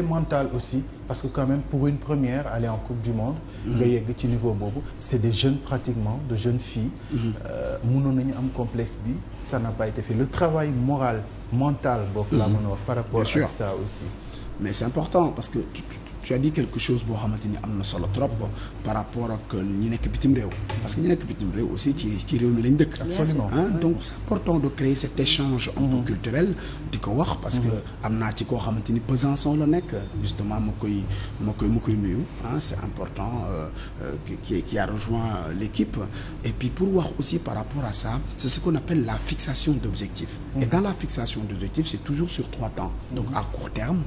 c'est mental parce que quand même pour une première aller en coupe du monde mm-hmm. nga yegg ci niveau boobu c'est des jeunes pratiquement de jeunes filles mënoon mm-hmm. euh, nañu am complexe bi ça n'a pas été fait le travail moral mental boobu la mm-hmm. mën wax par rapport à ça aussi mais c'est important parce que tu as dit quelque chose boo xamante ni am na solo trop par rapport ak ñi nekk bitim réew parce que ñi nekk bitim réew aussi ci ci réew mi lañ dëkk absolument donc c'est important de créer cet échange un peu mm-hmm. culturel di ko wax parce que mm-hmm. am naa ci koo xamante ni Besançon la nekk justement ma koy ma koy ma koy nuyu c'est important euh, euh, qui qui a rejoint l'équipe et puis pour wax aussi par rapport à ça c'est ce qu'on appelle la fixation d'objectifs et mm-hmm. dans la fixation d c'est toujours sur trois temps donc à court terme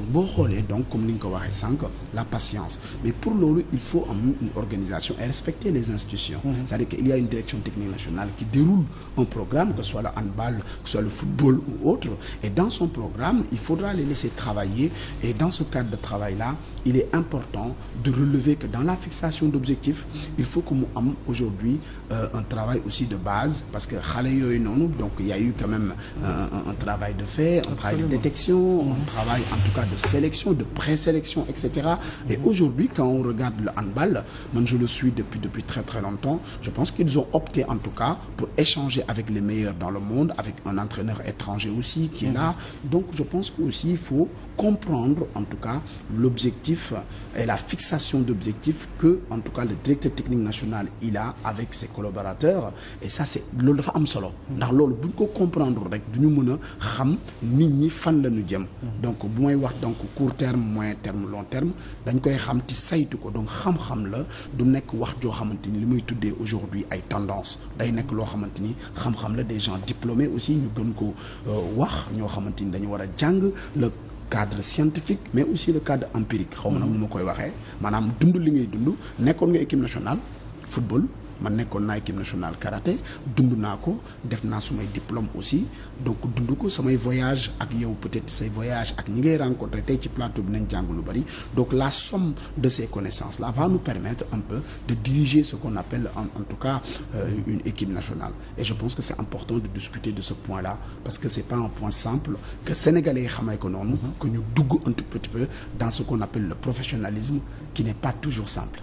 donc boo xoolee donc comme ni nga ko waxee sànq la patience mais pour loolu il faut am une organisation et respecter les institutions mm -hmm. c'est-à-dire que il y a une direction technique nationale qui déroule un programme que ce soit le handball que le football ou autre et dans son programme il faudra les laisser travailler et dans ce cadre de travail là il est important de relever que dans la fixation d'objectifs il faut que mu am aujourd'hui euh, un travail aussi de base parce que xale yooyu noonu donc il y a eu quand même euh, de fait un travail de détection cas de sélection de présélection et et mhm. aujourd'hui quand on regarde le handball man je le suis depuis depuis très très longtemps je pense qu'ils ont opté en tout cas pour échanger avec les meilleurs dans le monde avec un entraîneur étranger aussi qui est mhm. là donc je pense que aussi il faut comprendre en tout cas l'objectif et la fixation d'objectifs que en tout cas le directeur technique national il a avec ses collaborateurs et ça loolu dafa am solo mhm. ndax loolu bu ko comprendre rek du ñu mën a xam nit ñi fan la ñu jëm donc bu donc court terme moyen terme long terme dañ koy xam ci saytu ko donc xam-xam la du nekk wax joo xamante ni li muy tuddee aujourd'hui ay tendance day nekk loo xamante ni xam-xam la des gens diplômés aussi ñu gën ko euh, wax ñoo xamante ni dañu war a jàng le cadre scientifique mais aussi le cadre empirique xaw ma nag mu mm-hmm. ma koy waxee maanaam dund li ngay dund nekkoon nga équipe nationale football man nekkoon naa équipe nationale karaté dund naa ko def naa sumay diplôme aussi donc dund ko samay voyage ak yow peut-être say voyage ak ñi ngay rencontré tey ci plateau bi nañ jàng lu bari donc la somme de ces connaissances là va nous permettre un peu de diriger ce qu'on appelle en, en tout cas euh, une équipe nationale et je pense que c'est important de discuter de ce point là parce que c'est pas un point simple que sénégalais yi ko noonu mm-hmm. que ñu dugg un tout petit peu dans ce qu'on appelle le professionnalisme toujours simple